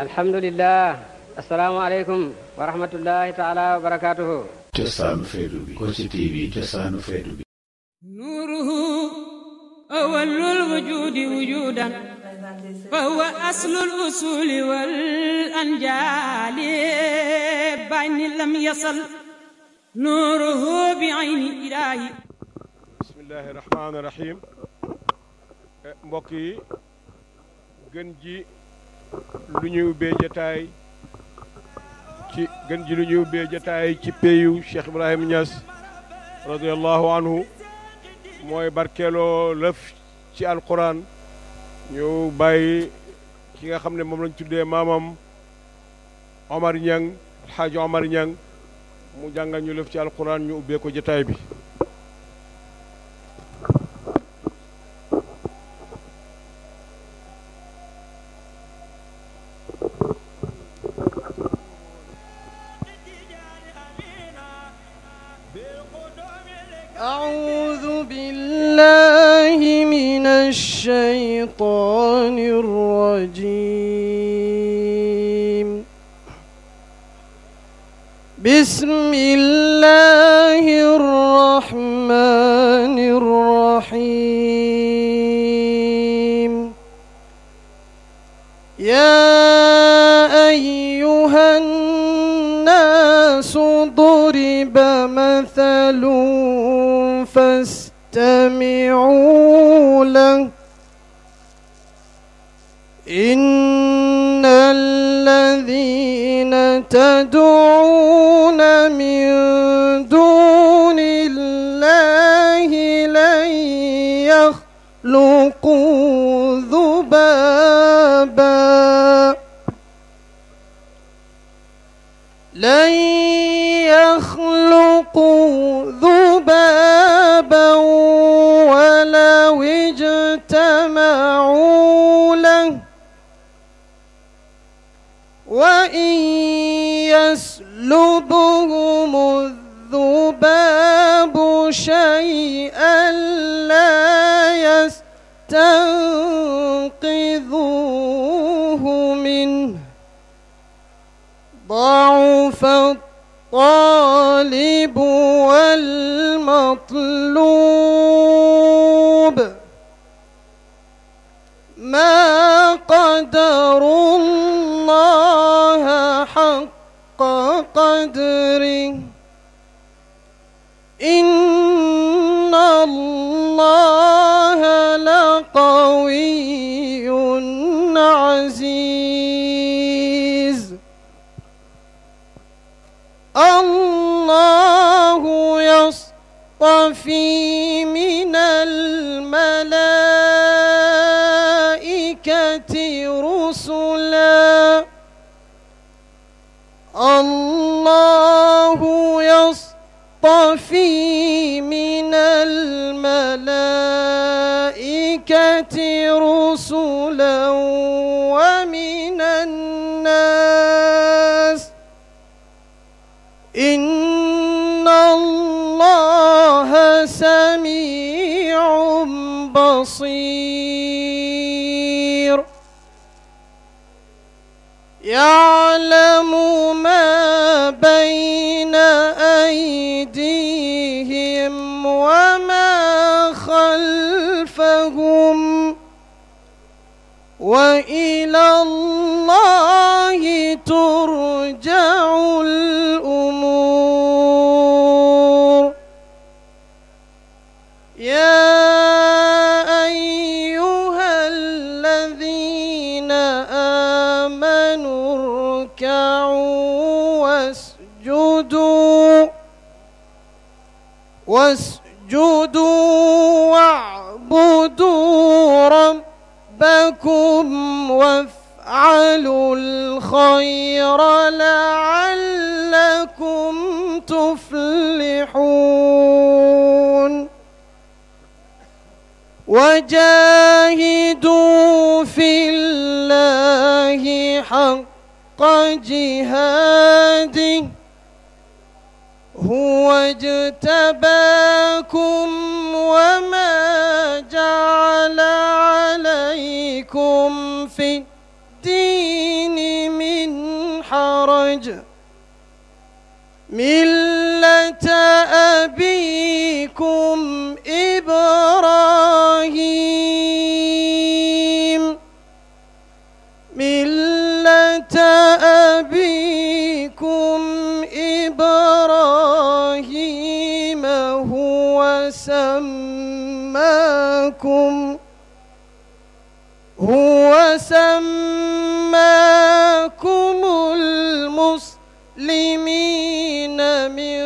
الحمد لله السلام عليكم ورحمة الله تعالى وبركاته جسان فيدوبي كوشي تي في جسان فيدوبي نوره أول الوجود وجودا فهو أصل الأصول والأنجال بين لم يصل نوره بعين إلهي بسم الله الرحمن الرحيم مبكي جنجي lu ñuy ubbee jataay ci gën ji lu ñuy ubbee jataay ci péyu Cheikh Ibrahima Niass radiallahu anhu mooy barkeeloo lëf ci alquran ñu bàyyi ki nga xam ne moom lañ tuddee maamam Omar Niang Alxaaji Omar Niang mu jàngal ñu lëf ci alquran ñu ubbee ko jataay bi فاستمعوا له إن الذين تدعون من دون الله لن يخلقوا ذبابا لن يخلقوا ذبابا وإن يسلبهم الذباب شيئا لا يستنقذوه منه ضعف الطالب والمطلوب ما قدر الله إن الله لقوي عزيز الله يصطفي من الملائكة رسلا الله يصطفي طفي من الملائكة رسلا ومن الناس إن الله سميع بصير يعلم ما بين أيديهم وما خلفهم وإلى الله ترجع واسجدوا واعبدوا ربكم وافعلوا الخير لعلكم تفلحون وجاهدوا في الله حق جهاده هو اجتباكم وما جعل عليكم في الدين من حرج ملة أبيكم لكم هو سماكم المسلمين من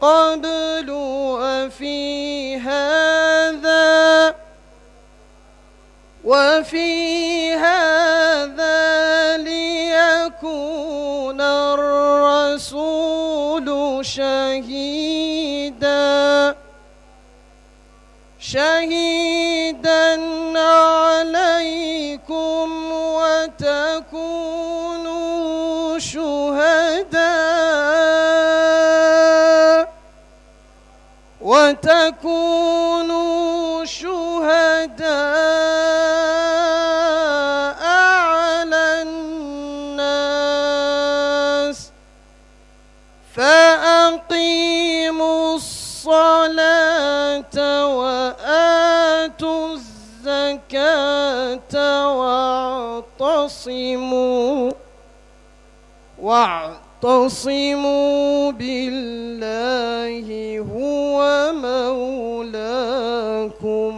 قبل وفي هذا وفي هذا ليكون الرسول شهيدا شهيدا عليكم وتكونوا شهداء وتكونوا شهداء واعتصموا واعتصموا بالله هو مولاكم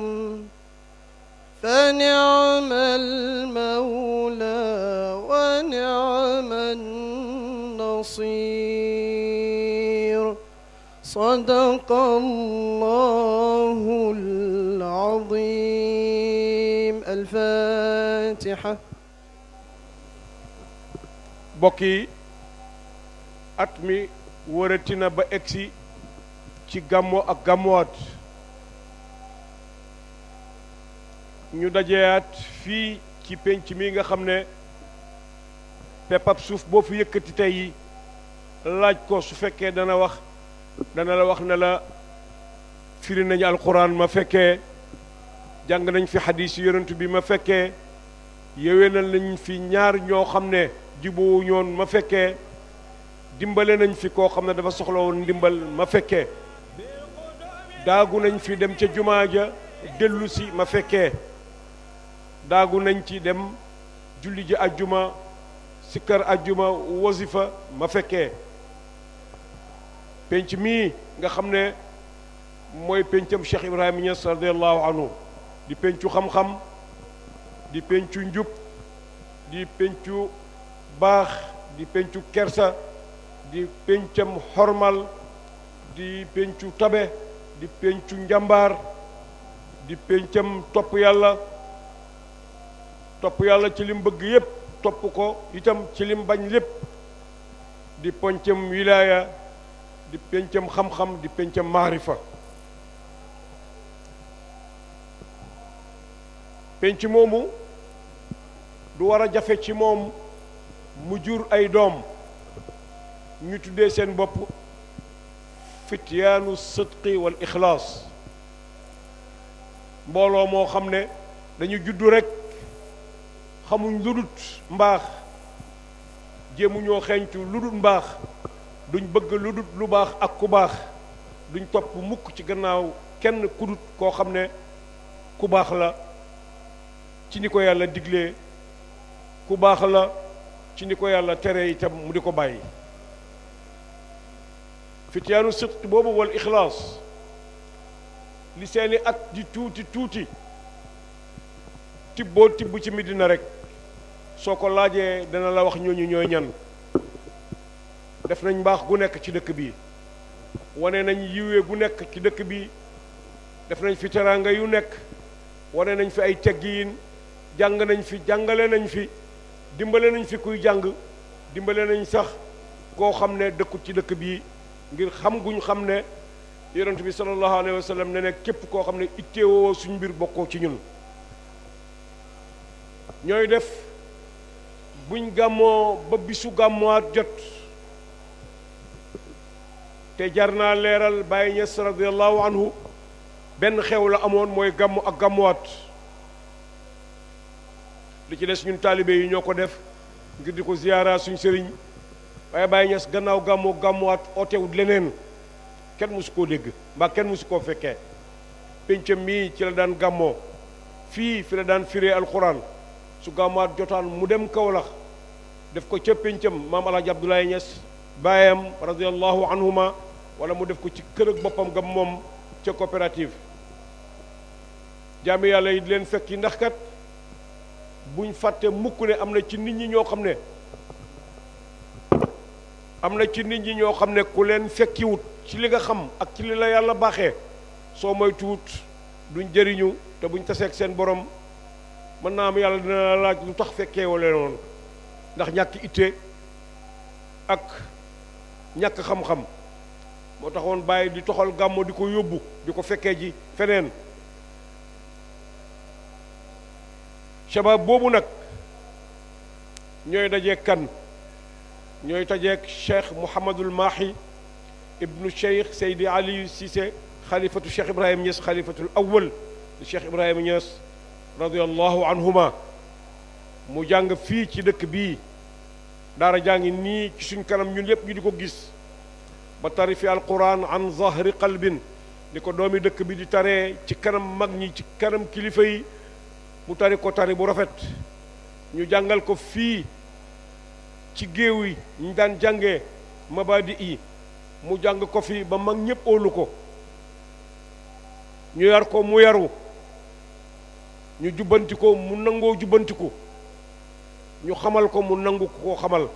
فنعم المولى ونعم النصير صدق الله العظيم الفاتحه mbokk yi at mi na ba egsi ci gàmmoo ak gàmmuwaat ñu dajeyaat fii ci pénc mi nga xam ne peppab suuf boo fi yëkkati tey laaj ko su fekkee dana wax dana la wax ne la firi nañu alquran ma fekkee jàng nañ fi xadiis yonent bi ma fekkee yéwénal nañ fi ñaar ñoo xam ne juboo ñoon ma fekkee dimbale nañ fi koo xam ne dafa soxla woon ndimbal ma fekkee daagu nañ fi dem ca jumaa ja dellu si ma fekkee daagu nañ ci dem julli ji ajjuma sikkar ajjuma wasifa ma fekkee penc mii nga xam ne mooy pencam Cheikh Ibrahima Niass radiallahu anhu di pencu xam-xam di pencu njub di pencu bax di pencu kersa di pencam hormal di pencu tabe di pencu njambar di pencam top yalla top yalla ci lim bëgg yépp top ko itam ci lim bañ lepp di pencam wilaya di pencam xam-xam di pencam maarifa penc momu du wara jafé ci mom mu jur ay doom ñu tuddee seen bopp fityaanu sidqi wal ixlaas mbooloo moo xam ne dañu juddu rekk xamuñ lu mbaax jéemuñoo xeeñtu lu dut mbaax duñ bëgg lu lu baax ak ku baax duñ topp mukk ci gannaaw kenn ku koo xam ne ku baax la ci ni ko yàlla diglee ku baax la ci ni ko yàlla tere itam mu di ko bàyyi fitiyaanu sidq boobu wal ixlaas li seeni at di tuuti tuuti tibboo tibb ci Medina rek soo ko laajee dana la wax ñooñu ñooy ñan def nañ mbaax gu nekk ci dëkk bi wane nañ yiwee gu nekk ci dëkk bi def nañ fi teraanga yu nekk wane nañ fi ay teggiin jàng nañ fi jàngale nañ fi dimbale nañ fi kuy jàng dimbale nañ sax koo xam ne dëkkut ci dëkk bii ngir xam guñ xam ne yonent bi sallallahu alayhi wa sallam képp koo xam ne itteewoo suñ mbir bokkoo ci ñun ñooy def buñ gàmmoo ba bisu gàmmuwaat jot te jar naa leeral Baye Niass radiallahu anhu benn xew la amoon mooy gàmmu ak gàmmuwaat li ci dess ñun talibé yi ñoko def ngir diko ziyara ziyaara suñ sëriñ waye Baye ñess gannaaw gàmmoo oté wu leneen musu ko dégg ba musu ko féké mi ci la daan fi fi la daan firé alquran su gàmmuwaat jotaan mu dem Kawlax def ko ci péncam mam Alaaji abdullah ñess bayam radiyallahu anhuma wala mu def ko ci kër ak bopam gam mom ci coopérative jami yalla yi di len fekk ndax kat buñ fàtte mukk ne am na ci nit ñi ñoo xam ne am na ci nit ñi ñoo xam ne ku leen fekkiwut ci li nga xam ak ci li la yàlla baaxee soo moytuwut duñ jëriñu te buñ taseeg seen borom mën naa am yàlla dina la laaj lu tax fekkee wala noonu ndax ñàkk itte ak ñàkk xam-xam moo taxoon bàyyi di toxal gàmmo di ko yóbbu di ko fekkee ji feneen shabaab boobu nag ñooy dajeeg kan ñooy dajeeg cheikh Mouhamadul Mahi ibnu cheikh Seydi Aliou Cissé xalifatu cheikh Ibrahima Niass xalifatul awwal di cheikh Ibrahima Niass radiyallahu anhuma mu jàng fii ci dëkk bii daara jàngi nii ci suñ kanam ñun yépp ñu di ko gis ba tari fi alquran an zahri qalbin di ko doomi dëkk bi di taree ci kanam mag ñi ci kanam kilifa yi mu tari ko tari bu rafet ñu jàngal ko fii ci géew yi ñu daan jàngee mabadi i mu jàng ko fii ba mag ñëpp óolu ko ñu yar ko mu yaru ñu jubbanti ko mu nangoo jubbantiku ñu xamal ko mu nangu koo xamal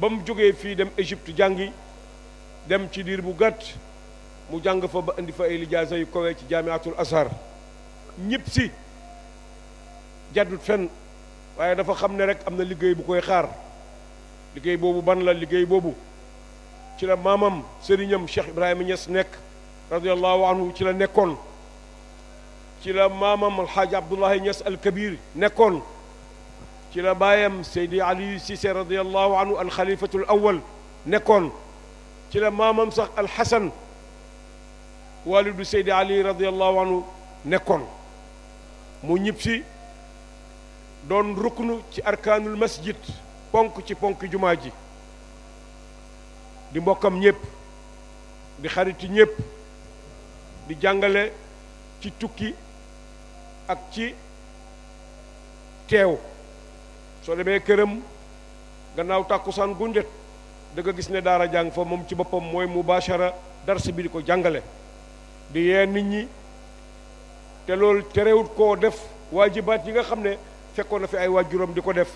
ba mu jógee fii dem Égypte jàngi dem ci diir bu gàtt mu jàng fa ba indi fa ay lijaasa yu kowee ci jaamiatul asar ñépp si jadut fen waye dafa xamne rek amna liggey bu koy xaar liggey bobu ban la liggey bobu ci la mamam serignam Cheikh ibrahim Niass nek radiyallahu anhu ci la nekkon ci la maamam alxaaji abdullah Niass al Kabir nekkon ci la bayam Seydi Ali sisi radiyallahu anhu al al awwal nekkon ci la mamam sax al hasan walidu Seydi Ali radiyallahu anhu nekkon mu ñib si Don ruknu ci arkanul masjid ponk ci ponk jumaa ji di mbokam ñepp di xariti ñepp di janggale, ci tukki ak ci teew kerem, demee kërëm gannaaw takusan gundet njët da nga gis ne daara jang fa mom ci bopam moy mubashara dars bi ko janggale, di yee nit ñi te lol ko def wajibat yi nga fekkoon na fi ay waajuram di ko def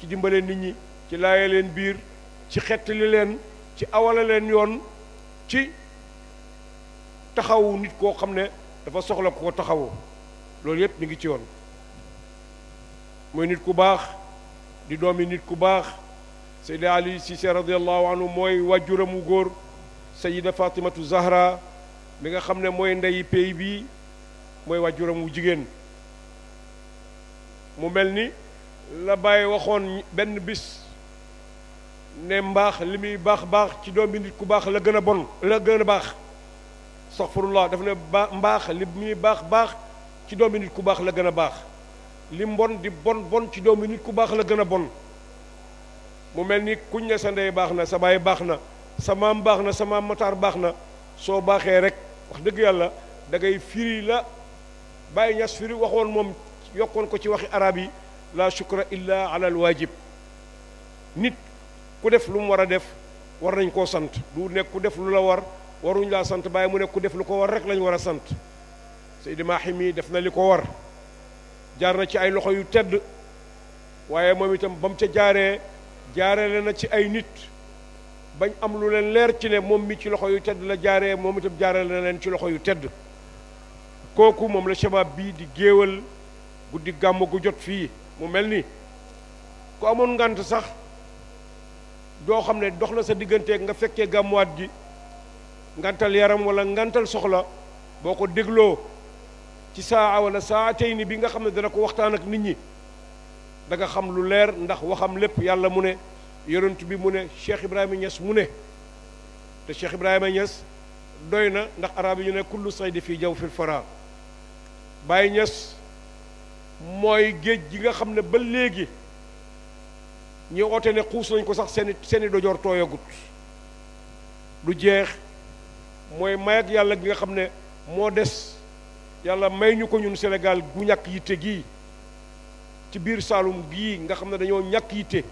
ci dimbale nit ñi ci laaye leen biir ci xettali leen ci awala leen yoon ci taxawu nit koo xam ne dafa soxla ko taxawu loolu yépp mi ngi ci yoon mooy nit ku baax di doomi nit ku baax Seyda Ali Cissé radiallahu anhu mooy wàjjuram wu góor Sayida Fatimatu Zahra mi nga xam ne mooy ndeyi pey bi mooy wàjjuram wu jigéen mu mel ni la Baye waxoon benn bis ne mbaax li muy baax baax ci doom nit ku baax la gën a bon la gën a baax astaghfirullah daf ne ba mbaax li muy baax baax ci doomi nit ku baax la gën a baax li mbon di bon bon ci doom bi nit ku baax la gën a bon mu mel ni kuñ ne sa ndey baax na sa baay baax na sa maam baax na sa maam mataar baax na soo baaxee rek wax dëgg yàlla da ngay firi la Baye Ñas firi waxoon moom yokkoon ko ci waxi arab yi la shukra illa ala alwaajib nit ku def lu mu war a def war nañ koo sant du nekk ku def lu la war waruñ laa sant bàyyi mu nekk ku def lu ko war rek lañ war a sant Seydi Maaxim yi def na li ko war jaar na ci ay loxo yu tedd waaye moom itam ba mu ca jaaree jaareele na ci ay nit bañ am lu leen leer ci ne moom mi ci loxo yu tedd la jaaree moom itam jaareele na leen ci loxo yu tedd kooku moom la shabab bii di géewal guddi gamu gu jot fi mu melni ko amon ngant sax do xamne ne dox na sa digeunte nga gamu wat gi ngantal yaram wala ngantal soxla boko deglo ci saa wala saa bi nga xamne ne dana ko waxtaan ak nit ñi da nga xam lu leer ndax waxam lepp yalla mu ne yonent bi mu ne Cheikh Ibrahima Niass mu ne te Cheikh Ibrahima Niass doyna ndax arab yu ne kullu sayd fi jawfil fara Baye Niass mooy géej gi nga xam ne ba léegi ñu oote ne xuus nañ ko sax seeni seeni dojoor tooyagut lu jeex mooy may ak yàlla gi nga xam ne moo des yàlla may ñu ko ñun Sénégal gu ñàkk yitte gii ci biir Saalum gii nga xam ne dañoo ñàkk yitte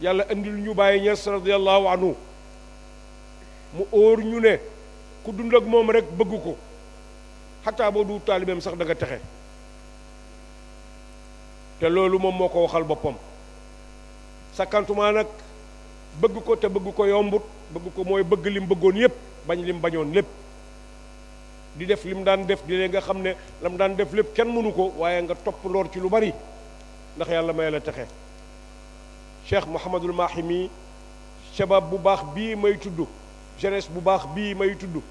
yàlla indi lu ñu bàyyi ñes radiyallahu anhu mu óor ñu ne ku dund ak moom rek bëgg ko hatta bo du talibem sax daga taxé té te mom moko waxal bopom sakantuma nak bëgg ko té bëgg ko yombut bëgg ko moy bëgg lim bëggoon yépp bañ lim bañoon lépp di def lim daan def di nga xamné ne lam daan def lépp kenn mënu ko waaye nga top lor ci lu bari ndax yalla may la taxé cheikh mohammedul mahimi mi shabab bu baax bi may tuddu jeunesse bu baax bi may tuddu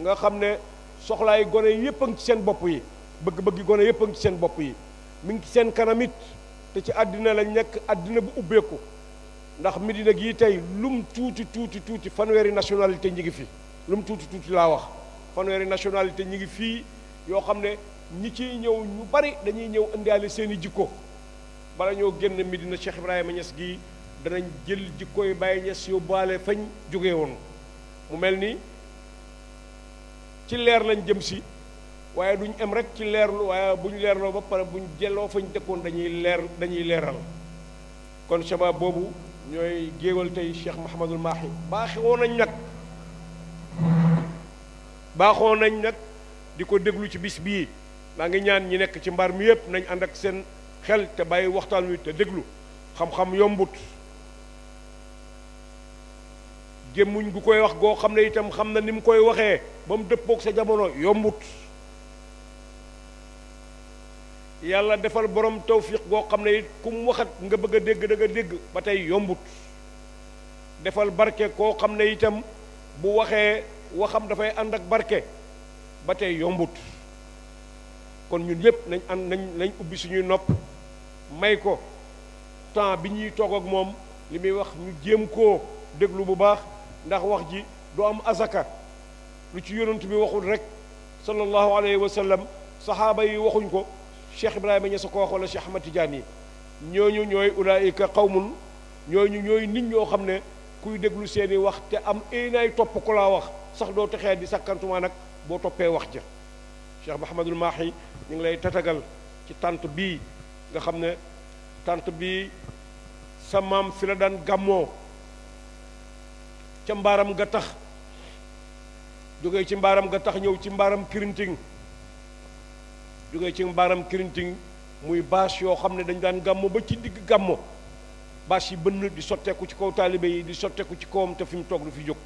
nga xam ne soxlaay gone yëpp a ci seen bopp yi bëgg-bëgg gone yëpp a ci seen bopp yi mi ngi ci seen kanamit te ci àddina la nekk àddina bu ubbeeku ndax Medina gii tey lum tuuti tuuti tuuti fanweeri nationalité ñi ngi fi lum tuuti tuuti laa wax fanweeri nationalité ñi ngi fii yoo xam ne ñi ciy ñëw ñu bari dañuy ñëw indaale seen i jikko bala ñoo génn Medina Cheikh Ibrahima Niass gii danañ jël jikko yi Baye Niass yóbbaale fañ jóge woon mu mel nii ci leer lañ jëm si waaye duñ em rek ci leerlu waaye buñ leerloo ba pare buñ jelloo fañ dëkkoon dañuy leer dañuy leeral kon shabab boobu ñooy géewal tey Cheikh Mahamadul Mahi baaxoo nañ nag baaxoo nañ nag di ko déglu ci bis bii maa ngi ñaan ñi nekk ci mbar mi yëpp nañ ànd ak seen xel te bàyyi waxtaan wi te déglu xam-xam yombut gémmuñ gu koy wax goo xam ne itam xam na ni mu koy waxee ba mu dëppook sa jamono yombut yàlla defal borom tawfiq goo xam ne it ku mu wax ak nga bëgg a dégg da dégg ba tey yombut defal barke koo xam ne itam bu waxee waxam dafay ànd ak barke ba tey yombut kon ñun ñëpp nañ ànd nañ nañ ubbi suñuy nopp may ko temps bi ñuy toog ak moom li muy wax ñu jéem koo déglu bu baax ndax wax ji doo am azaka lu ci yonent bi waxul rek sallallahu alayhi wa sallam saxaaba yi waxuñ ko cheikh ibrahima ña sa ko wax wala cheikh ahmad tidiane yi ñooñu ñooy ulaayika qawmun ñooñu ñooy nit ñoo xam ne kuy déglu seeni wax te am éenaay topp ku laa wax sax doo texee di sàkkantumaa nag boo toppee wax ja cheikh mahamadul maahi ñu ngi lay tatagal ci tànt bii nga xam ne tànt bii sa maam fi la daan gàmmoo ca mbaaram ga tax ci mbaaram gattax ñëw ci mbaaram kirinting jógee ci mbaaram kirinting muy bâche yoo xam ne dañu daan gàmmo ba ci digg gàmmoo bâche yi bënn di sotteeku ci kaw taalibe yi di sotteeku ci kawam te fi mu toog du fi jóg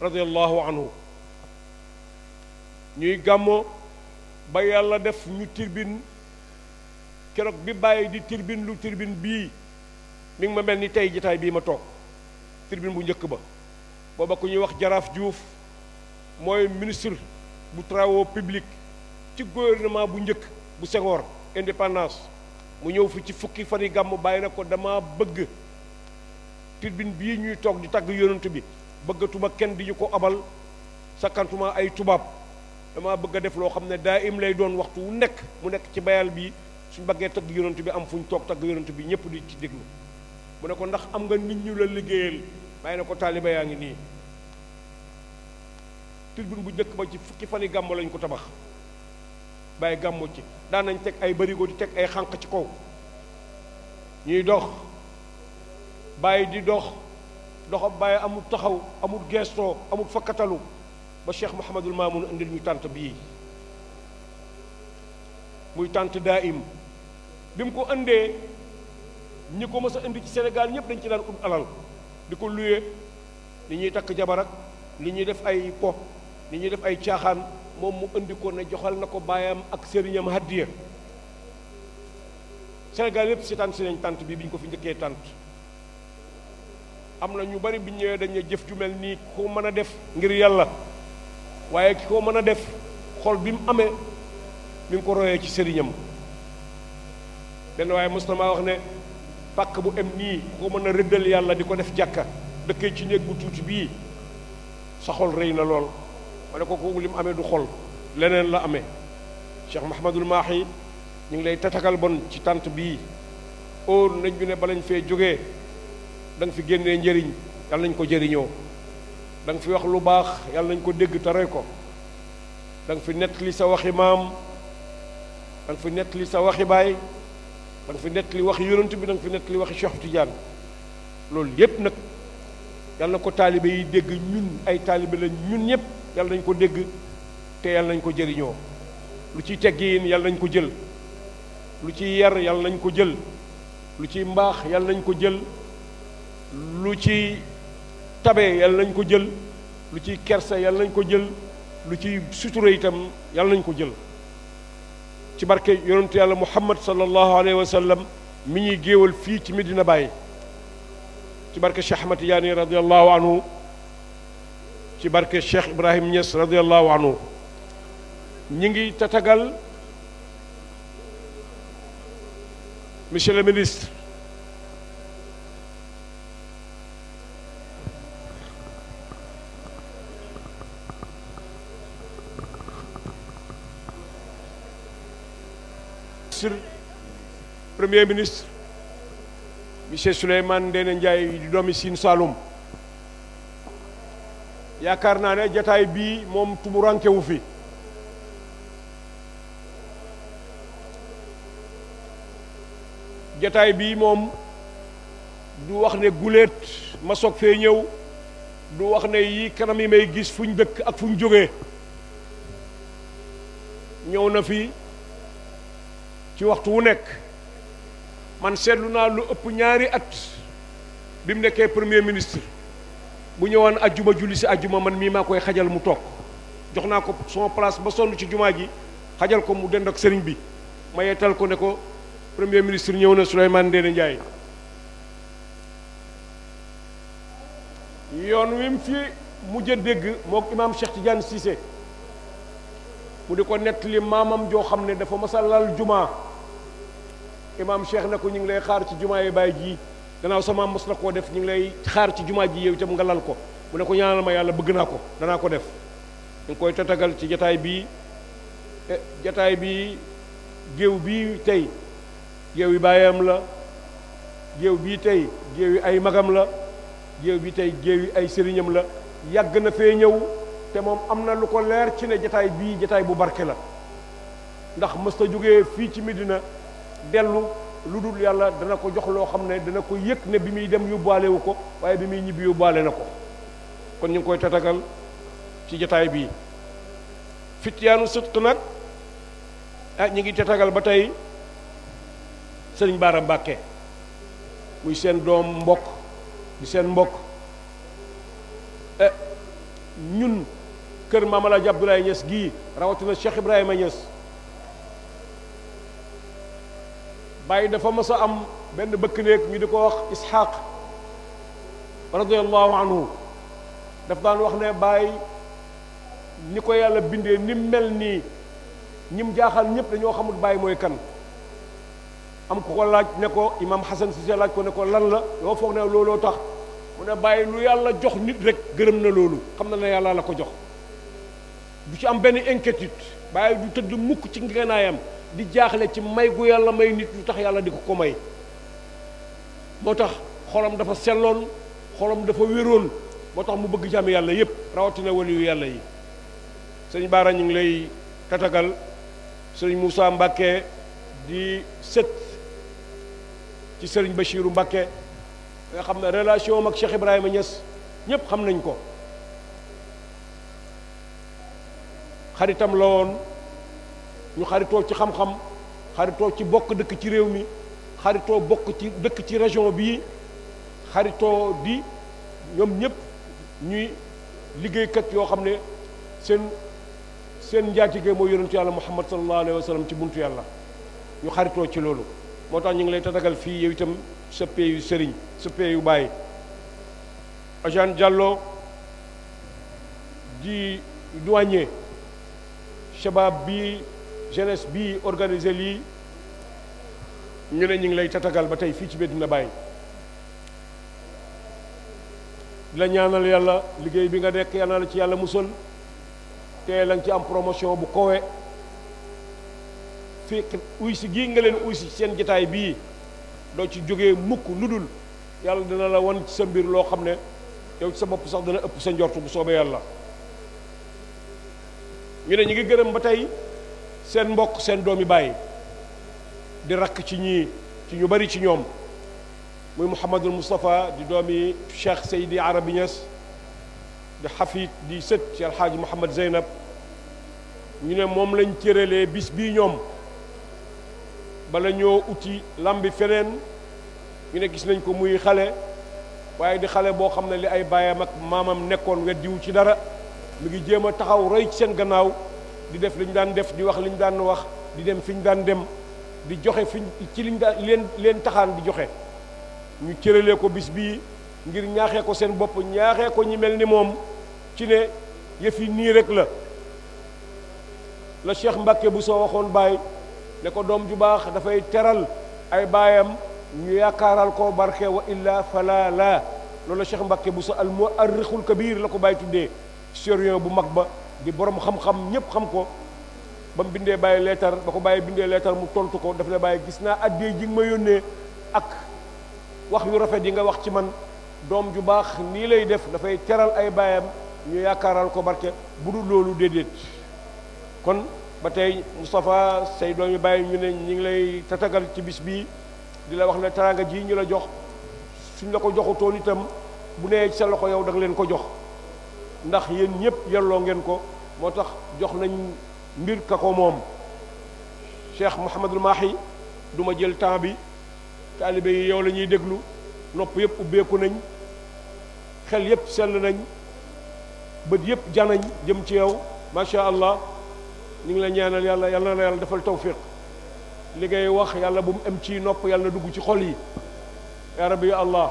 radiyallahu anhu ñuy gàmmo ba yàlla def ñu tirbin keroog bi bàyyi di tirbin lu tirbin bii mi ma mel ni tey jataay bii ma toog tribune bu ñëkk ba booba ku ñuy wax Jaraaf juuf mooy ministre bu travaux public ci gouvernement bu ñëkk bu Senghor indépendance mu ñëw fi ci fukki fan yi gàmm ko dama bëgg tribune bii ñuy toog di tagg yonent bi bëggatuma kenn di ñu ko abal sakkantuma ay tubaab dama bëgg def loo xam ne daa lay doon waxtu wu nekk mu nekk ci bayal bi suñ bëggee tagg yonent bi am fuñ ñu toog bi ñëpp di ci déglu mu ne ko ndax am nga nit ñu la liggéeyal bàyyi na ko taaliba yaa ngi nii tribune bu njëkk ba ci fukki fan yi gàmmu lañ ko tabax bàyyi gàmmu ci daan nañ teg ay barigo di teg ay xànq ci kaw ñuy dox bàyyi di dox doxam bàyyi amul taxaw amul geestoo amul fakkatalu ba Cheikh Mouhamadul Mamoun indi ñu tànt bii muy tànt daa im bi mu ko indee ñi ko mës a indi ci Sénégal ñëpp dañ ci daan ut alal di ko luye li ñuy takk jabarak li ñuy def ay po li ñuy def ay caaxaan moom mu indi ko joxal na ko baayam ak sëriñam haddiya Sénégal yëpp nañ tànt bi bi ko fi njëkkee tànt am na ñu bari bi ñëwee dañu jëf ju mel nii ko mën a def ngir yàlla waaye ki ko mën a def xol bi mu amee mi ko royee ci sëriñam benn waaye mos na wax ne pàkk bu em ni ko meuna reddel yalla diko di jakka def kay ci neeg bu tuti bi sa xol rëy na lool ma ne ko lim amé du xol leneen la amé Cheikh Mahamadul mahi ñing lay tatakal bon ci tante bi or nañ ñu ne balañ fi génné yalla nañ ko jëriño dang fi wax lu bax yalla nañ ko dégg taré ko dang fi netli sa wax imam dang fi netli sa wax da nga fi nettali wax yonent bi da nga fi nettali waxi Cheikh Tidiane loolu yépp nag yàlla na ko taalibe yi dégg ñun ay taalibe la ñun ñëpp yàlla nañ ko dégg te yàlla nañ ko jëriñoo lu ciy teggiin yàlla nañ ko jël lu ci yar yàlla nañ ko jël lu ci mbaax yàlla nañ ko jël lu ci tabe yàlla nañ ko jël lu ci kersa yàlla nañ ko jël lu ciy sutura itam yàlla nañ ko jël ci barke yonentu yàlla muhammad sallallahu alayhi wa sallam mi ñuy géewal fi ci Medina Baye ci barke Cheikh Ahmad yani radiyallahu anhu ci barke Cheikh Ibrahim Niass radiyallahu anhu ñi ngi tatagal monsieur le ministre ministre premier ministre monsieur Souleymane Ndéné Ndiaye di doomi Sine Saloum yaakaar naa ne jataay bii moom tumuranke wu fi jataay bii moom du wax ne guléet ma soog fee ñëw du wax ne yii kanam yi may gis fu ñu dëkk ak fu ñu jógee ñëw na fi ci waxtu wu nekk man seetlu naa lu ëpp ñaari at bi mu nekkee premier ministre bu ñëwaan ajjuma julli si ajjuma man mii maa koy xajal mu toog jox naa ko sama place ba sonn ci jumaa ji xajal ko mu dend ak sëriñ bi ma yeetal ko ne ko premier ministre ñëw na Souleymane Ndéné Ndiaye yoon wi mu fi mujj dégg mook imaam Cheikh Tidiane Cissé mu di ko nettali maamam joo xam ne dafa masa lal jumaa imaam Cheikh na ko ñu ngi lay xaar ci jumaa yi baay jii gannaaw sama mos na koo def ñu ngi lay xaar ci jumaa ji yow tam nga lal ko mu ne ko ñaanal ma yàlla bëgg naa ko danaa ko def ñu ngi koy tatagal ci jataay bii eh, jataay bii géew bii tey géew yi baayam la géew bii tey géew yi ay magam la géew bi tey géew yi ay sëriñam la yàgg na fee ñëw te moom am na lu ko leer ci jataay bii jataay bu barke la ndax mës ta jógee fii ci Medina dellu lu dul yàlla dana ko jox loo xam ne dana ko yëg ne bi muy dem yóbbaale wu ko waaye bi muy ñibbi yóbbaale na ko kon ñu ngi koy tatagal ci jataay bii fityaanu sidq nag ah ñu ngi tatagal ba tey sëriñ Baara Mbàkke muy seen doom mbokk di seen mbokk eh, ñun kër Maam Alaaji Abdoulaye Niass gii rawatina Cheikh Ibrahima Niass bàyyi dafa mës am benn bëkk néeg ñu di ko wax isxaq radiallahu anhu daf daan wax ne bàyyi ni ko yàlla bindee ni mel nii ñim jaaxal ñépp dañoo xamut bàyyi mooy kan am ku ko laaj ne ko imam Hassan Cissé laaj ko ne ko lan la yoo foog ne looloo tax mu ne bàyyi lu yàlla jox nit rek gërëm na loolu xam na ne yàlla la ko jox du ci am benn inquiétude bàyyi du tëdd mukk ci ngeenaayam di jaxlé ci may gu yalla may nit lu tax yalla di ko may motax xolam dafa selon xolam dafa wéroon motax mu bëgg jàmm yalla yépp na waliyu yalla yi sëñ baara ñu ngi lay tatagal sëñ Moussa mbacké di set ci sëriñ Bachiru mbacké nga xam na relation ak Cheikh Ibrahima Niass ñépp xam nañ ko xaritam la woon ñu xaritoo ci xam-xam xaritoo ci bokk dëkk ci réew mi xaritoo bokk ci dëkk ci région bii xaritoo di ñoom ñëpp ñuy liggéeykat yoo xam ne seen seen njaatige mooy yonentu yàlla muhammad sallallahu alayhi wa sallam ci buntu yàlla ñu xaritoo ci loolu moo tax ñu ngi lay tatagal fii yow itam sa yu sëriñ sa yu bàyyi Ajaan Jàlloo di douanier shabab bi jeunesse bi organisé li ñu ne ñi ngi lay tatagal ba tey fii ci Medina Baye di la ñaanal yàlla liggéey bi nga nekk yàlla la ci yàlla musal te la ci am promotion bu kowe fekk uy gii nga leen uy seen jataay bii doo ci jógee mukk lu yàlla dina la wan ci sa mbir loo xam ne yow ci sa bopp sax dana ëpp sa njortu bu soobee yàlla ñu ne ñi ngi gërëm ba seen mbokk seen doomi bàyyi di rakk ci ñii ci ñu bari ci ñoom muy Mouhamadul Moustapha di doomi Cheikh Seydi Arabi Niass di xafit di sët ci alxaaji Mouhamad Zeynab ñu ne moom lañ cëralee bis bii ñoom bala ñoo uti lambi feneen ñu ne gis nañ ko muy xale waaye di xale boo xam ne li ay baayam ak maamam nekkoon weddiwu ci dara mu ngi jéem a taxaw roy ci seen gannaaw di def li ñu daan def di wax li daan wax di dem fiñ daan dem di joxe fiñ ci liñ daan leen leen taxaan di joxe ñu cëralee ko bis bii ngir ñaaxee ko seen bopp ñaaxee ko ñi mel ni moom ci ne yëf yi nii rek la la Cheikh Mbacke bu soo waxoon baay ne ko doom ju baax dafay teral ay baayam ñu yaakaaral ko barke wa illa fala la loolu Cheikh Mbacke bu soo al muarrixul kabir la ko baay tuddee historien bu mag ba di borom xam-xam ñëpp xam ko ba mu baye bàyyi leetar ba ko bàyyi mu tontu ko daf la baye gis na addee ji ma ak wax yu rafet yi nga wax ci man dom ju bax ni lay def fay teral ay bayam ñu yaakaaral ko barké bu dul kon batei Mustafa Moustapha do doomi baye ñu ne ñi ngi lay tatagal ci bis bi di la wax na taranga ji ñu la jox suñ la ko joxu itam bu nee ci sa loxo yow da nga leen ko jox ndax yeen ñepp yelloo ngeen ko motax jox nañ mbir kako mom cheikh mohammed al mahi duma jël temps bi talibé yi yow lañuy déglu nopp yëpp ubbeeku nañ xel yëpp sell nañ bët yëpp janañ jëm ci yow macha allah ni ngi la ñaanal yàlla yàlla na yàlla defal tawfiq li ngay wax yàlla bu mu am ci nopp yàlla na dugg ci xol yi ya rabbi allah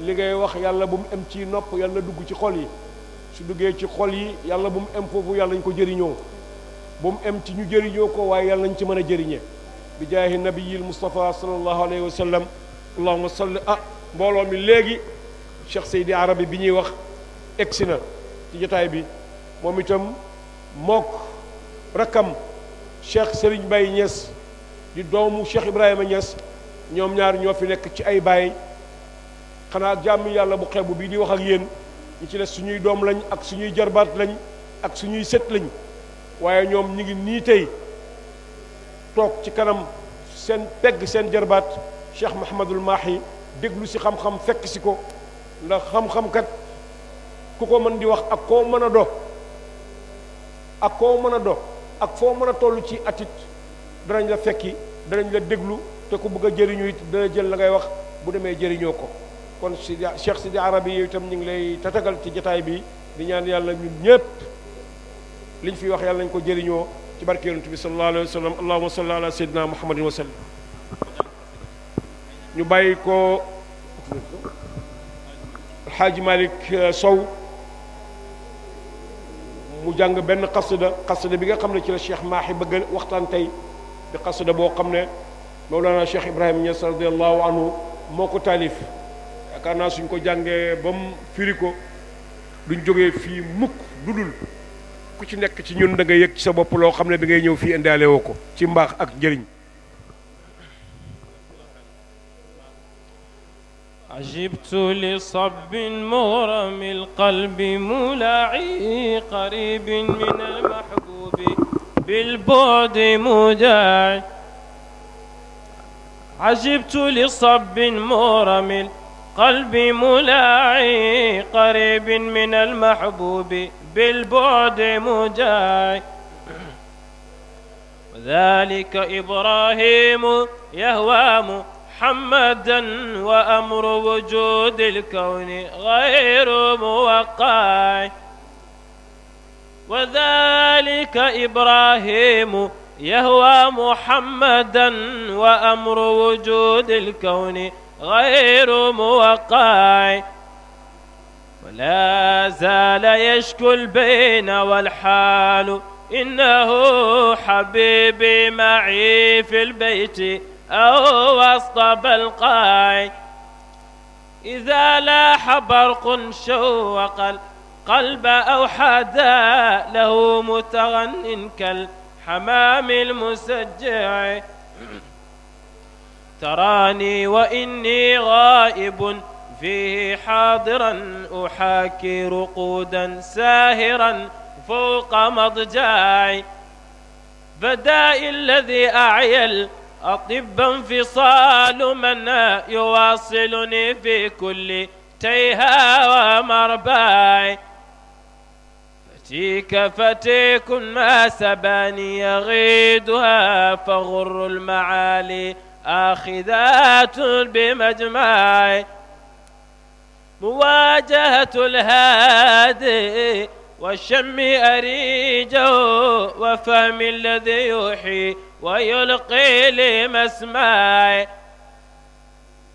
li ngay wax yàlla bu mu am ci nopp yàlla na dugg ci xol yi su duggee ci xool yi yàlla bu mu em foofu yàlla nañ ko jëriñoo bu mu em ci ñu jëriñoo ko waaye yàlla nañ ci mën a jëriñe bi jaahi nabiyil mustafa sallallahu alayhi wa sallam allahuma salli ah mbooloo mi léegi cheikh seydi arabi bi ñuy wax egsi na ci jotaay bi moom itam mook rakkam cheikh Serigne Baye ñes di doomu cheikh Ibrahima Niass ñoom ñaar ñoo fi nekk ci ay baay xanaa jàmm yàlla bu xeb bii di wax ak yéen ñu ci des suñuy doom lañ ak suñuy jarbaat lañ ak suñuy sët lañu waaye ñoom ñu ngi nii tey toog ci kanam seen pegg seen jarbaat Cheikh Mahamadul yi déglu si xam-xam fekk si ko ndax xam-xam kat ku ko mën di wax ak koo mën a do ak koo mën a do ak foo mën a toll ci atit danañ la fekki danañ la déglu te ku bëgg a jëriñu it dana jël la ngay wax bu demee jariñoo ko kon Sidi Cheikh Sidi Arabi yi itam ñu ngi lay tatagal ci jataay bi di ñaan yàlla ñun ñépp liñ fi wax yàlla nañu ko jëriñoo ci barke yonent bi sallallahu alayhi wa sallam allahumma salli ala sayyidina muhammadin ñu bàyyi ko alxaaji Malick euh, Sow mu jàng benn xasida xasida bi nga xam ne ci la Cheikh Mahi bëgg waxtaan tey di xasida boo xam ne Mawlana Cheikh Ibrahim Niass radiallahu anhu moo ko taalif yaakaar suñ ko jàngee bam mu firi ko duñ jógee fii mukk dudul ku ci nekk ci ñun da ngay yëg ci sa bopp loo xam ne bi ngay ñëw fii indaale woo ko ci mbaax ak njëriñ عجبت لصب مغرم القلب ملاعي قريب من المحبوب بالبعد مداعي عجبت لصب مغرم قلبي ملاعي قريب من المحبوب بالبعد مجاي وذلك إبراهيم يهوى محمدا وأمر وجود الكون غير موقع وذلك إبراهيم يهوى محمدا وأمر وجود الكون غير موقع ولا زال يشكو البين والحال إنه حبيبي معي في البيت أو وسط بلقاع إذا لاح برق شوق القلب أو حدا له متغن كالحمام المسجع تراني وإني غائب فيه حاضرا أحاكي رقودا ساهرا فوق مضجعي بدائي الذي أعيل أطبا انفصال من يواصلني في كل تيها ومرباعي فتيك فتيك ما سباني يغيدها فغر المعالي آخذات بمجمعي مواجهة الهادي والشم أريجه وفهم الذي يوحي ويلقي لمسمع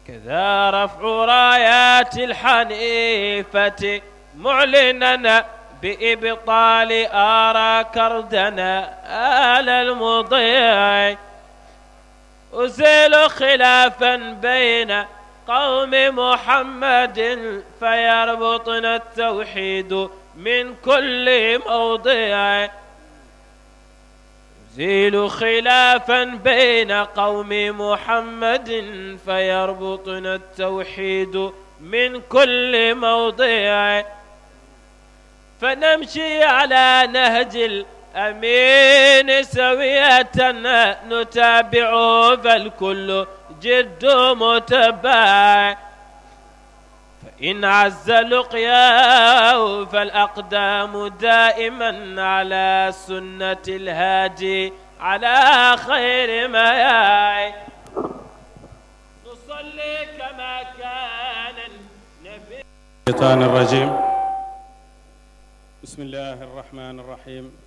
كذا رفع رايات الحنيفة معلننا بإبطال آرى كردنا آل المضيع أزيل خلافا بين قوم محمد فيربطنا التوحيد من كل موضع أزيل خلافا بين قوم محمد فيربطنا التوحيد من كل موضع فنمشي على نهج الأرض أمين سوية نتابعه فالكل جد متبع فإن عز لقياه فالأقدام دائما على سنة الهادي على خير يعي نصلي كما كان النبي الشيطان الرجيم بسم الله الرحمن الرحيم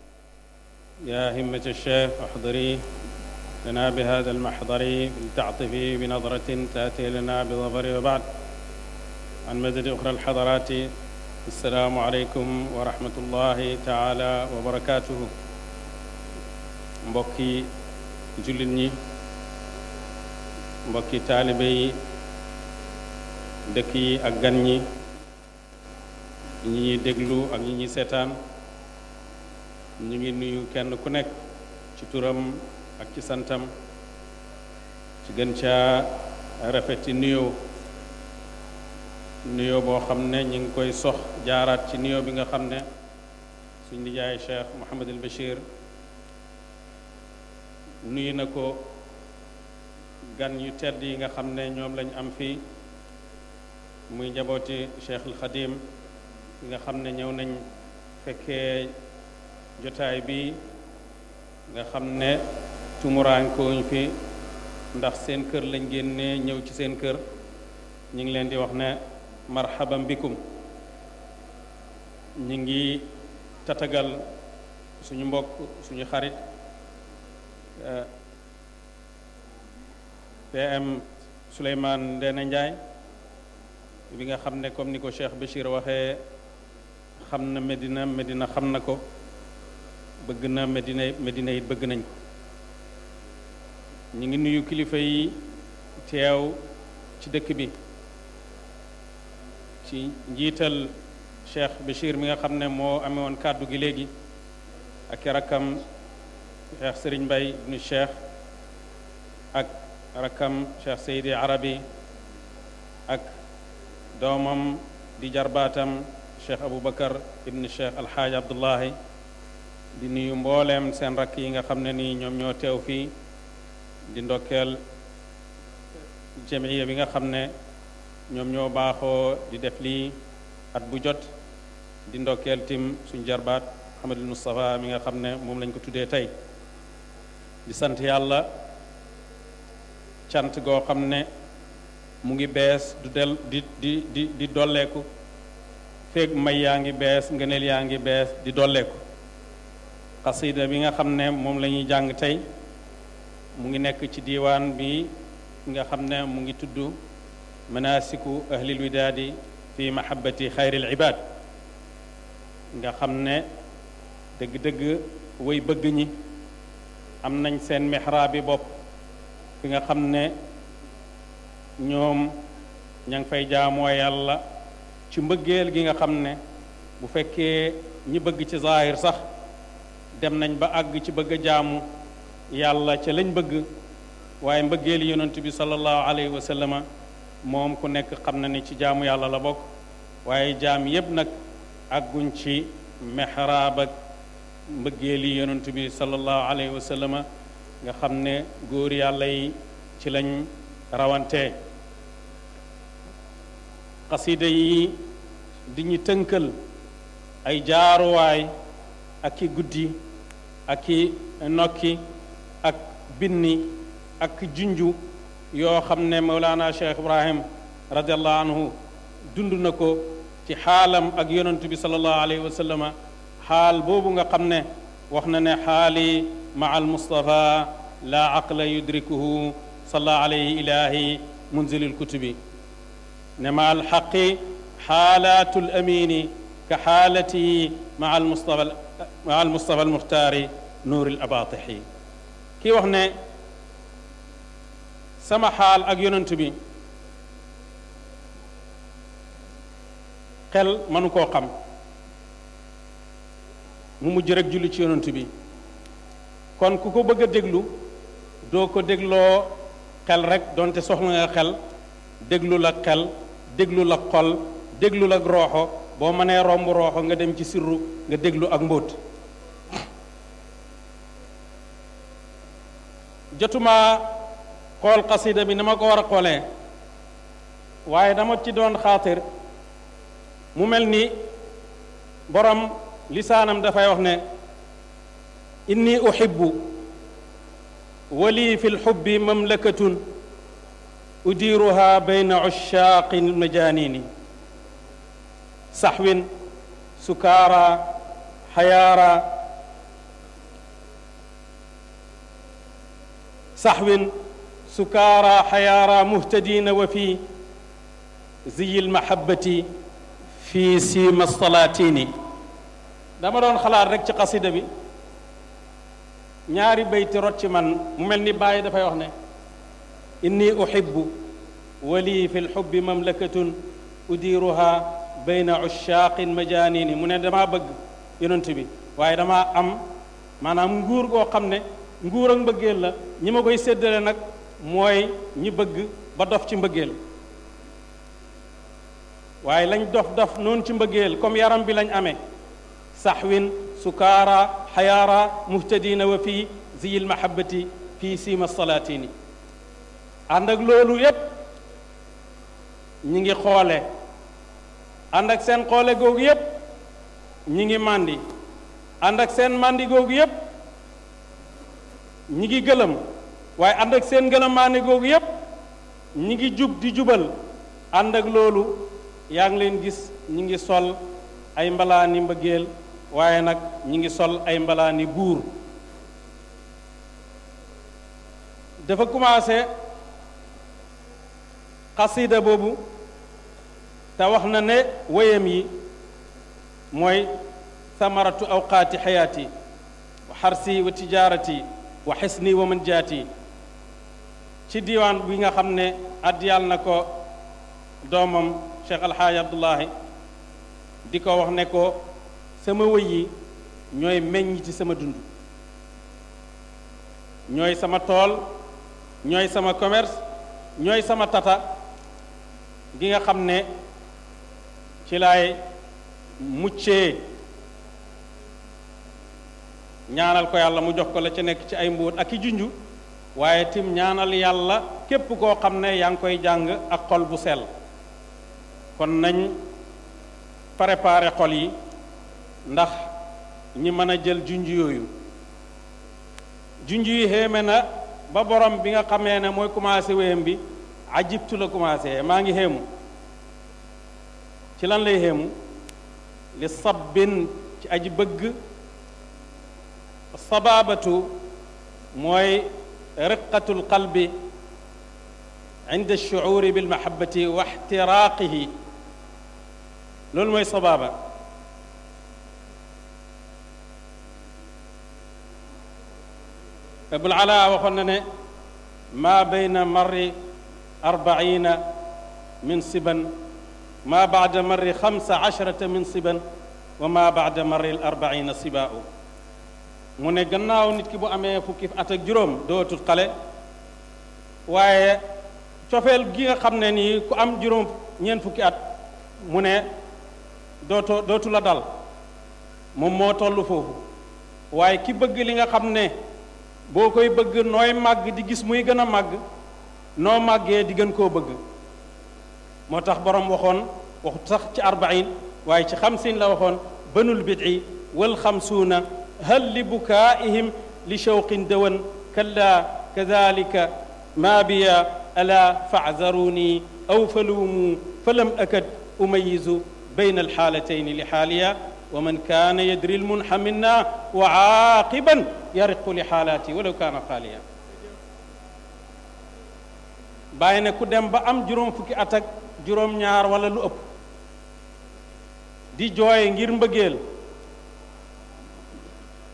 يا همة الشيخ احضري لنا بهذا المحضر لتعطفي بنظرة تأتي لنا بظفر وبعد عن مدد أخرى الحضرات السلام عليكم ورحمة الله تعالى وبركاته مبكي جلني مبكي mbokki دكي أغني ني دغلو ak ني سيتان ñu ngi nuyu kenn ku nekk ci turam ak ci santam ci gën caa rafeti nuyoo nuyoo boo xam ne ñu ngi koy sox jaaraat ci nuyoo bi nga xam ne suñ nijaay Cheikh Mouhamad El Bachir nuyu na ko gan yu tedd yi nga xam ne ñoom lañ am fii muy njabooti Cheikh al nga xam ne ñëw nañ fekkee jotaay bi nga xam ne tumuraankooñ fi ndax seen kër lañ génnee ñëw ci seen kër ñu ngi leen di wax ne marhaban bikum ñu ngi tatagal suñu mbokk suñu xarit eh, PM Souleymane Ndéné Ndiaye bi nga xam ne comme ni ko Cheikh Bachir waxee xam na Medina Medina xam na ko bëgg na Medina Medina it bëgg nañ ko ñu ngi nuyu kilifa yi teew ci dëkk bi ci njiital Cheikh Bachir mi nga xam ne moo amee woon kàddu gi léegi ak rakkam Cheikh Serigne Mbaye ibnu Cheikh ak rakkam Cheikh Seydi Arabi ak doomam di jarbaatam Cheikh Aboubacar ibnu Cheikh Alxaaji Abdullahi di nuyu mbooleem seen rakk yi nga xam ne nii ñoom ñoo teew fii di ndokkeel jamiya bi nga xam ne ñoom ñoo baaxoo di def lii at bu jot di ndokkeel tim suñ jarbaat Muhammadul Mustafa mi nga xam ne moom lañ ko tuddee tey di sant yàlla cant goo xam ne mu ngi bees du del di di di di dolleeku feeg may yaa ngi bees ngëneel yaa ngi bees di dolleeku xasida bi nga xam ne moom lañuy jàng tey mu ngi nekk ci diwaan bi nga xam ne mu ngi tudd manaasiku ahlil widaadi fi mahabbati xayril ibaad nga xam ne dëgg-dëgg way bëgg ñi am nañ seen mihraabi bopp fi nga xam ne ñoom ña ngi fay jaamoo yàlla ci mbëggeel gi nga xam ne bu fekkee ñi bëgg ci zaahir sax dem nañ ba àgg ci bëgg jaamu yàlla ca lañ bëgg waaye mbëggeeli yonent bi sallallahu alayhi wa moom ku nekk xam na ni ci jaamu yàlla la bokk waaye jaam yépp nag àgguñ ci mexraab ak mbëggeeli yonent bi sallallahu alayhi wa nga xam ne góor yàlla yi ci lañ rawante xasida yi di ñu tënkal ay jaaruwaay ak i guddi ak noki nokki ak binni ak jinju yo xamne maulana cheikh ibrahim radiallahu anhu dundunako ci xaalam ak yonantu bi sallallahu alayhi wa sallama xaal boobu nga xam ne ne xaali maa la aqla yudrikuhu salla alayhi ilahi munzil al-kutubi ne al-haqi halatul amini ka xaalatihi maa al-mustafa وعلى المصطفى المختاري نور الاباطحي كي وخنا سما حال اك يوننتبي خل منوكو خم مو مج رك جولي سي يوننتبي كون كوكو بغا دغلو دوكو دغلو خل رك دونتي سوخنا خل دغلو لا خل دغلو لا خول دغلو لا روحو bo mané romb roxo nga dem ci sirru nga déglu ak mbot jotuma xol qasida bi ni ko wara xolé waye dama ci don khatir mu melni borom lisanam da fay wax ne inni uhibbu wali fi lxubbi mamlakatun udiruha bayna ushaaqi majanini سحو سكارى حيارى سحو سكارى حيارى مهتدين وفي زي المحبة في سيم الصلاتين دابا دون خلال رك قصيده بي نياري بيت روتي مان مملني باي دا فاي اني احب ولي في الحب مملكه اديرها bayna ushaaqin majanini mu ne dama bëgg yonent bi waaye dama am maanaam nguur goo xam ne nguur ak mbëggeel la ñi ma koy séddale nag mooy ñi bëgg ba dof ci mbëggeel waaye lañ dof dof noonu ci mbëggeel comme yaram bi lañ amee saxwin sukaara xayaara muhtadina wa fii ziyil mahabati fii siima salaatini ànd ak loolu yépp ñi ngi xoole andak sen seen gog yeb ñi ngi mandi andak sen mandi gog yeb ñi ngi gelem waye andak sen seen mandi gog yeb ñi ngi jub di jubal andak lolu ya ngi leen gis ñi ngi sol ay mbalaani mbëggeel waye nak ñi ngi sol ay mbalaani bur dafa commencé qasida bobu te wax na ne wéyam yi mooy samaratu awqaati xayaati wa xarsi wa tijaarati wa xisni wa manjaati ci diwaan bi nga xam ne addiyal na ko doomam cheikh alxaaji abdullahi di ko wax ne ko sama wëy ñooy meññ ci sama dund ñooy sama tool ñooy sama commerce ñooy sama tata gi nga xam ne ci laay muccee ñaanal ko yàlla mu jox ko la ci nekk ci ay mbóot ak i junju waaye tim ñaanal yàlla képp koo xam ne yaa ngi koy jàng ak xol bu sel kon nañ préparé xol yi ndax ñi mën a jël junj yooyu junj yi xéeme na ba borom bi nga xamee ne mooy commencé wéyam bi ajibtu la commencé maa ngi xéemu ci lan lay xéemu li sabbin ci aji bëgg sabaabatu mooy riqatul qalbi inda shucuuri bilmahabati wa ixtiraaqihi loolu mooy sabaaba ibul ala waxoon na ne maa bayna marri arbaina min siban ma baada mari xamsa asharata min siban wa ma baada marri arbaina sibaau mu ne gannaaw nit ki bu amee fukki at ak juróom dootul xale waaye cofeel gi nga xam ne ni ku am juróom ñeent fukki at mu ne dootoo dootu dal moom moo toll foofu waaye ki bëgg li nga xam ne boo koy bëgg nooy màgg di gis muy gën a màgg noo màggee di gën koo bëgg motax borom waxon wax sax ci 40 waaye ci 50 la waxon banul bid'i wal khamsuna hal li bukaa'ihim li shawqin dawan kalla kadhalika ma biya ala fa'zaruni aw faluumuu falam akad umayizu بين الحالتين لحاليا ومن كان يدري المنح منا وعاقبا يرق لحالاتي ولو كان خاليا باينه باين با ام جوروم فكي اتاك juróom-ñaar wala lu ëpp di jooye ngir mbëggeel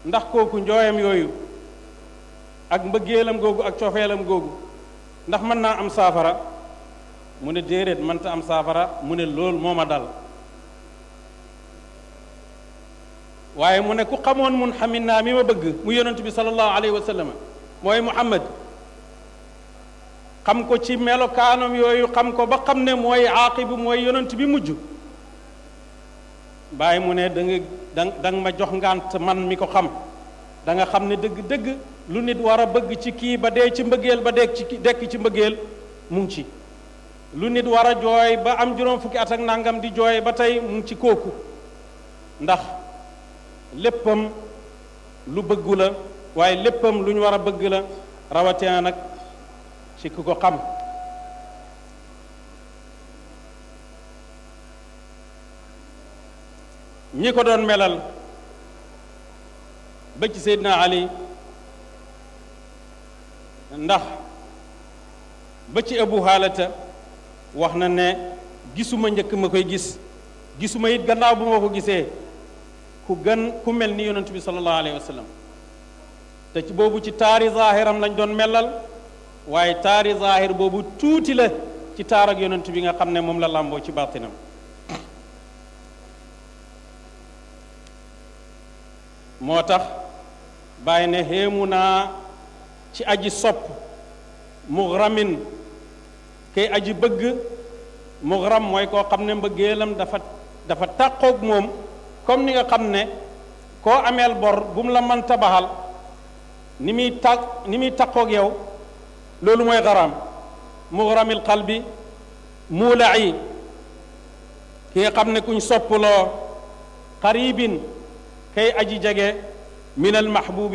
ndax kooku njooyam yooyu ak mbëggeelam googu ak cofeelam googu ndax mën naa am saafara mu ne déedéet ta am saafara mu ne loolu moo ma dal waaye mu ne ku xamoon mun xamin naa mi ma bëgg mu yonent bi sallallahu alayhi wa sallam mooy muhammad xam ko ci melokaanam yooyu xam ko ba xam ne mooy aaqibu mooy yonent bi mujj bàyyi mu ne da nga da nga ma jox ngant man mi ko xam danga xam ne dëgg-dëgg lu nit war a bëgg ci kii ba dee ci mbëggeel ba dee ci dekk ci mbëggeel mu ngi ci lu nit war a jooy ba am juróom fukki at ak nangam di jooy ba tey mu ngi ci kooku ndax léppam lu bëggula waaye léppam luñ war a bëgg la rawatina nag ci ku ko xam ñi ko doon melal ba ci Ali ndax ba ci Abu wax na ne gisuma njëkk ma koy gis gisuma it gannaaw bu ma ko gisee ku gën ku mel ni yonent bi sallallahu alayhi te boobu ci taari zaahiram lañ doon melal waaye taari zaahir boobu tuuti la ci taar ak yonent bi nga xam ne moom la làmboo ci baatinam moo tax bàyyi ne xéemu naa ci aji sopp muxramin kay aji bëgg muxram mooy koo xam ne mbëggeelam dafa dafa tàqoog moom comme ni nga xam ne koo ameel bor bu mu la mën tabaxal ni muy tàq ni muy tàqoog yow لول موي غرام مغرم القلب مولعي كي قبن كون سوبلو قريب كي اجي جاجي من المحبوب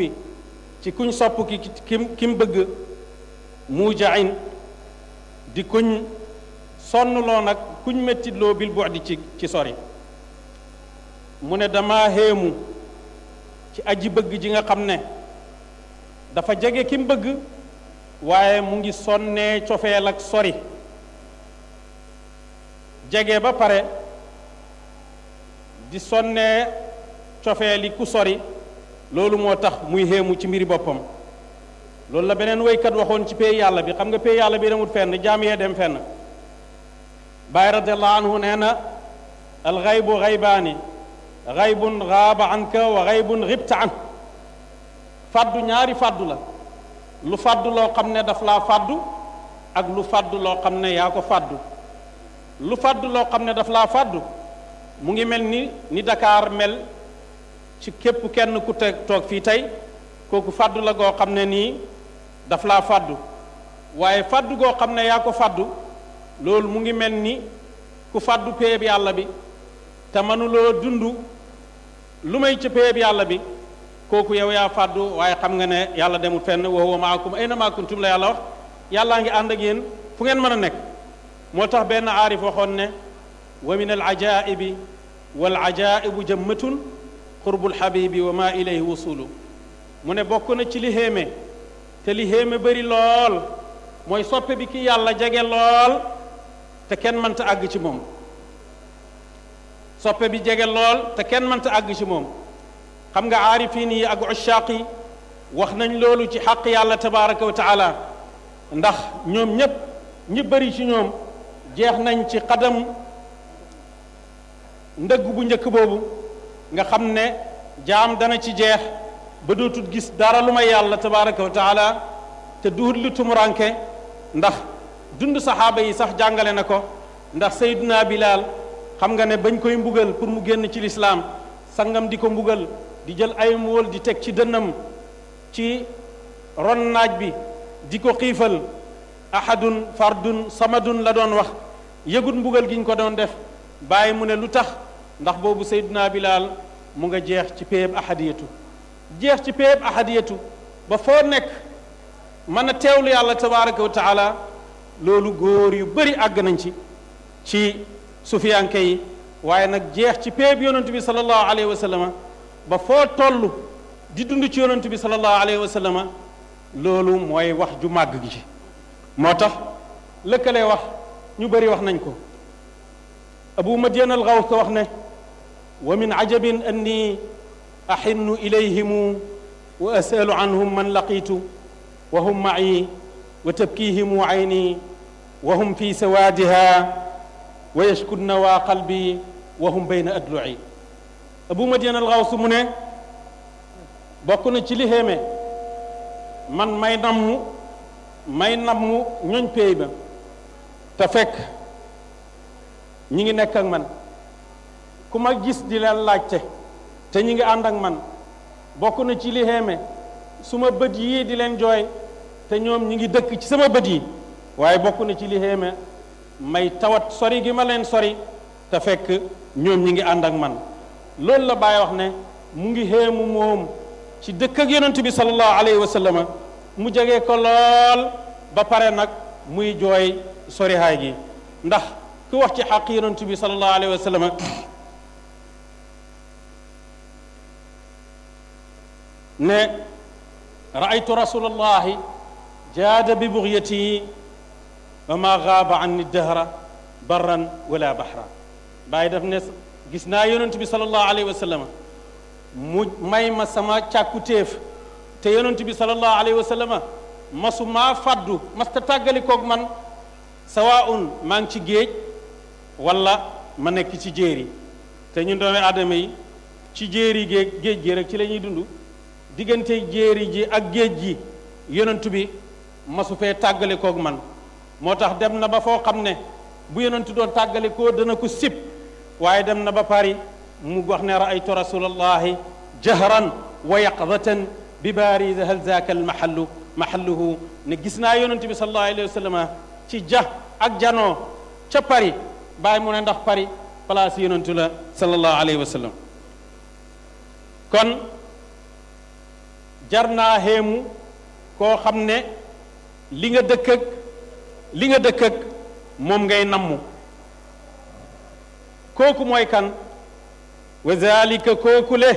تي كون سوب كي كيم كيم بغ موجعين دي كون سون لو نك كون متي لو بيل بعد تي تي سوري مون دما هيمو تي اجي بغ جيغا خامني دا فا جاجي كيم بغ waaye mu ngi sonnee cofeel sori jege ba pare di sonnee cofeeli ku sori loolu moo tax muy xéemu ci mbiri boppam loolu la beneen waykat waxoon ci pay yàlla bi xam nga pay yàlla bi demut fenn jaam yee dem fenn bàyyi radiallahu nee na alxaybu xaybaani xaybun xaaba an ka wa xaybun xibta an faddu ñaari faddu la lu fàddu loo xam ne daf laa fàddu ak lu fàddu loo xam ne yaa ko fàddu lu fàddu loo xam ne daf laa fàddu mu ngi mel ni ni dakaar mel ci képp kenn ku te toog fii tey kooku fàddu la goo xam ne nii daf laa fàddu waaye fàddu goo xam ne yaa ko fàddu loolu mu ngi mel ni ku fàddu péeb yàlla bi te mënuloo dund lu may ci yàlla bi koku yow ya fàddu waye xam nga ne yàlla demu fenn wo wo maakum ayna ma kuntum la yàlla wax yalla ngi ànd ak yéen fu ngeen meuna nek motax ben arif waxon ne wa min al ajaib wal ajaibu jëmmatun xurbul habibi wa ma ilayhi wusulu mune bokku na ci li heme te li heme bari lol moy soppe bi ki yàlla jage lol te man ta ag ci mom soppe bi jage lol te man ta ag ci mom xam nga aarifin yi ak ushaaq yi wax nañ loolu ci xaq yàlla tabaraka wa taala ndax ñoom ñépp ñi bëri ci ñoom jeex nañ ci xadam ndëgg bu njëkk boobu nga xam ne jaam dana ci jeex ba dootul gis dara lu may yàlla tabaraka wa taala te duut lu tumuranke ndax dund saxaaba yi sax jàngale na ko ndax sayduna bilal xam nga ne bañ koy mbugal pour mu génn ci lislaam sangam di ko mbugal di jël ay mool di teg ci dënnam ci ron naaj bi di ko xiifal ahadun fardun samadun la doon wax yëgut mbugal giñ ko doon def bàyyi mu ne lu tax ndax boobu sayduna bilaal mu nga jeex ci péeb ahadiyatu jeex ci péeb ahadiyatu ba foo nekk mën a teewlu yàlla tabaraka wa taala loolu góor yu bëri àgg nañ ci ci sufiyanke yi waaye nag jeex ci péeb yonentu bi sallallahu alayhi wa sallama ba foo toll di dund ci yonent bi sallallahu alayhi wa sallam loolu mooy wax ju màgg gi ci moo tax lëkkalee wax ñu bëri wax nañ ko abu madian al gaws wax ne wa min ajabin anni axinnu ilayhim wa asalu anhum man laqitu wa hum maci wa tabkihimu ayni wa hum fi sawadiha wa yashkunna wa qalbi wa hum bayna adlu'i abu madian al xaws mu ne bokk na ci li man may namm may namm ñooñ péey ba te fekk ñi ngi nekk ak man ku ma gis di leen laajte te ñi ngi ànd ak man bokk na ci li suma bët yi di leen jooy te ñoom ñi ngi dëkk ci sama bët yi waaye bokk na ci li may tawat sori gi ma leen sori te fekk ñoom ñi ngi ànd ak man loolu la bàyyi wax ne mu ngi xéemu moom ci dëkk ak yonent bi salallahu alayhi wa sallama mu jege ko lool ba pare nag muy jooy sorihaay gi ndax ku wax ci xaq yonent bi salallahu alayhi wa sallama ne raaytu rasulallahi jaada bi bugyatihi wa ma gaaba anni dahra barran wala bahra bàyyi daf ne gis naa yonent bi sallallahu alayhi wa sallam mu may ma sama càkku te yonent bi sallallahu alayhi wa sallam masu maa fàddu masta tàggali koog man sawaaun maa ngi ci géej walla ma nekk ci jéeri te ñun doomi aadama yi ci jéeri géej géej gi rek ci la ñuy dund diggante jéeri ji ak géej gi yonent bi masu fee tàggali koog man moo tax dem na ba foo xam ne bu yonent doon tàggali koo dana ko sib waaye dem na ba Paris mu wax ne raaytu rasulallahi jahran wa yaqdatan bi baariz hal zaaka almahallu mahalluhu ne gis naa yonente bi salallahu alayhi wa sallama ci jah ak janoo ca Paris bàyyi mu ne ndax Paris place yonentu la salallahu alayhi wa sallam kon jar naa xéemu koo xam ne li nga dëkk ak li nga dëkk ak moom ngay namm kooku mooy kan wa zalika kooku le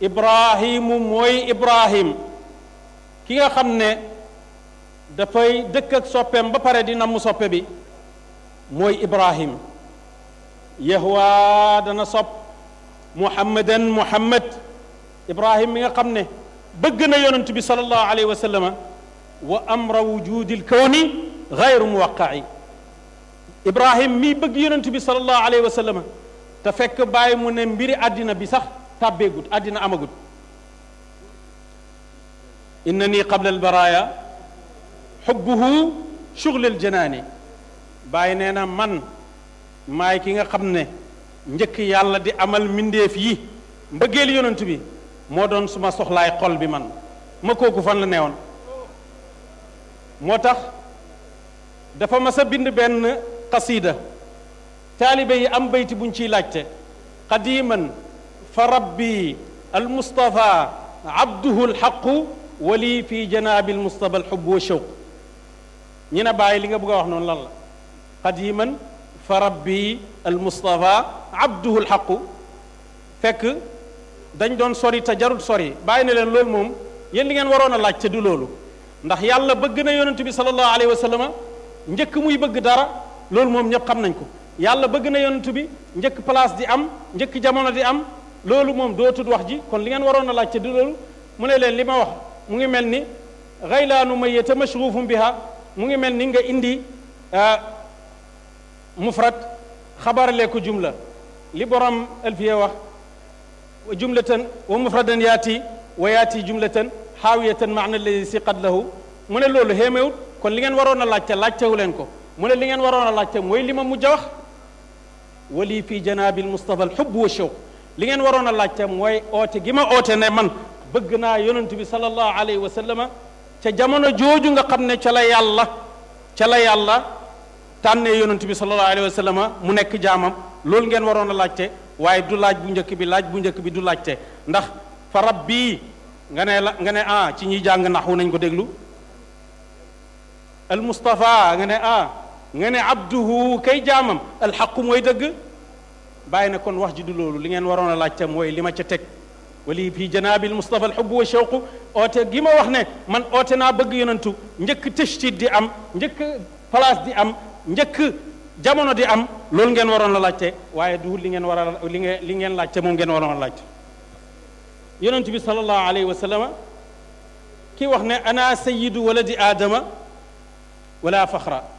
ibrahimu mooy ibrahim ki nga xam ne dafay dëkk ak soppeem ba pare di namm soppe bi mooy ibrahim yahwa dana sopp muhammadan muhammad ibrahim mi nga xam ne bëgg na yonent bi salallahu alayhi wa sallama wa amra wujudi lkawni gayru muwaqai ibrahim mii bëgg yonent bi sallallahu alayhi wa sallam te fekk bàyyi mu ne mbiri àddina bi sax tàbbeegut àddina amagut inna nii qabla albaraaya xubbuhu shuglil janaani bàyyi nee na man maay ki nga xam ne njëkk yàlla di amal mbindeef yi mbëggeel yonent bi moo doon suma soxlaay xol bi man ma kooku fan la neewoon moo tax dafa mas a bind benn قصيده طالبي ام بيت بنشي لاجته قديما فربي المصطفى عبده الحق ولي في جناب المصطفى الحب والشوق نينا باي ليغا بوغا واخ نون لا قديما فربي المصطفى عبده الحق فك دنج دون سوري تا جارول سوري باي نلن لول موم يين لي ورونا لاج تي دو لولو نده يالا بغنا يونتبي صلى الله عليه وسلم نجهك موي بغ دارا loolu moom ñëpp xam nañ ko yàlla bëgg na yonent bi njëkk place di am njëkk jamono di am loolu moom dootul wax ji kon li ngeen waroon a laajte di loolu mu ne leen li ma wax mu ngi mel ni xaylaanu mayyita mashruufum biha mu ngi mel ni nga indi mufrad xabarale ko jumla li borom alfiye wax jumlatan wa mufradan yaati wa yaati jumlatan xaawiyatan maana alladi siqat lahu mu ne loolu xéemewut kon li ngeen waroon a laajte laajtewu leen ko mu ne li ngeen waroon a laajte mooy li ma mujj a wax wali fii janaabil mustafa al xubb wa shawq li ngeen waroon a laajte mooy oote gi ma oote ne man bëgg naa yonent bi salallahu alayhi wa sallama ca jamono jooju nga xam ne ca la yàlla ca la yàlla tànnee yonent bi salallahu alayhi wa sallama mu nekk jaamam loolu ngeen waroon a laajte waaye du laaj bu njëkk bi laaj bu njëkk bi du laajte ndax fa rabbi nga ne la nga ne ah ci ñuy jàng naxu nañ ko déglu al mustafa nga ne ah nga ne abduhu kay jaamam alxaqu mooy dëgg bàyyi na kon wax ji du loolu li ngeen waroon a laaj tam mooy li ma ca teg wali fi janaabi almustafa alxub wa shawq oote gi ma wax ne man oote naa bëgg yonantu njëkk tëchtit di am njëkk place di am njëkk jamono di am loolu ngeen waroon la laajte waaye du li ngeen war a li ngeen li ngeen laajte moom ngeen waroon a laajte yonent bi salallahu alayhi wa sallama kii wax ne ana sayidu waladi adama wala faxra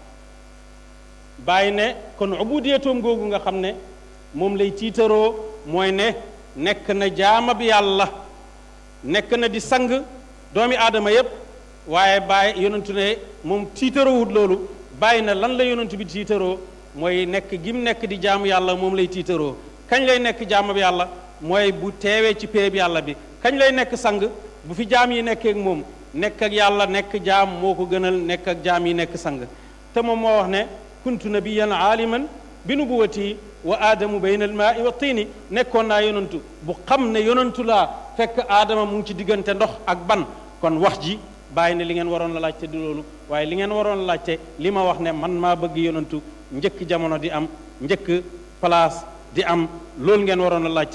bàyyi ne kon ubudiyatoom googu nga xam ne moom lay tiitaroo mooy ne nekk na jaamab yàlla nekk na di sang doomi aadama yépp waaye bàyyi yonentu ne moom tiitaroowut loolu bàyyi na lan la yonentu bi tiitaroo mooy nekk gim nekk di jaamu yàlla moom lay tiitaroo kañ lay nekk jaamab yàlla mooy bu teewee ci péeb yàlla bi kañ lay nekk sang bu fi jaam yi nekkee moom nekk ak yàlla nekk jaam moo ko gënal nekk ak jaam yi nekk sang te moom moo wax ne kuntu nabiyan aaliman bi nubuwati wa aadamu bayna al maa'i wa tiini nekkoon naa yonantu bu xam ne yonantu laa fekk aadama mu ngi ci diggante ndox ak ban kon wax ji bàyyi ne li ngeen waroon la laajte di loolu waaye li ngeen waroon la laajte li ma wax ne man maa bëgg yonantu njëkk jamono di am njëkk place di am loolu ngeen waroon la laajte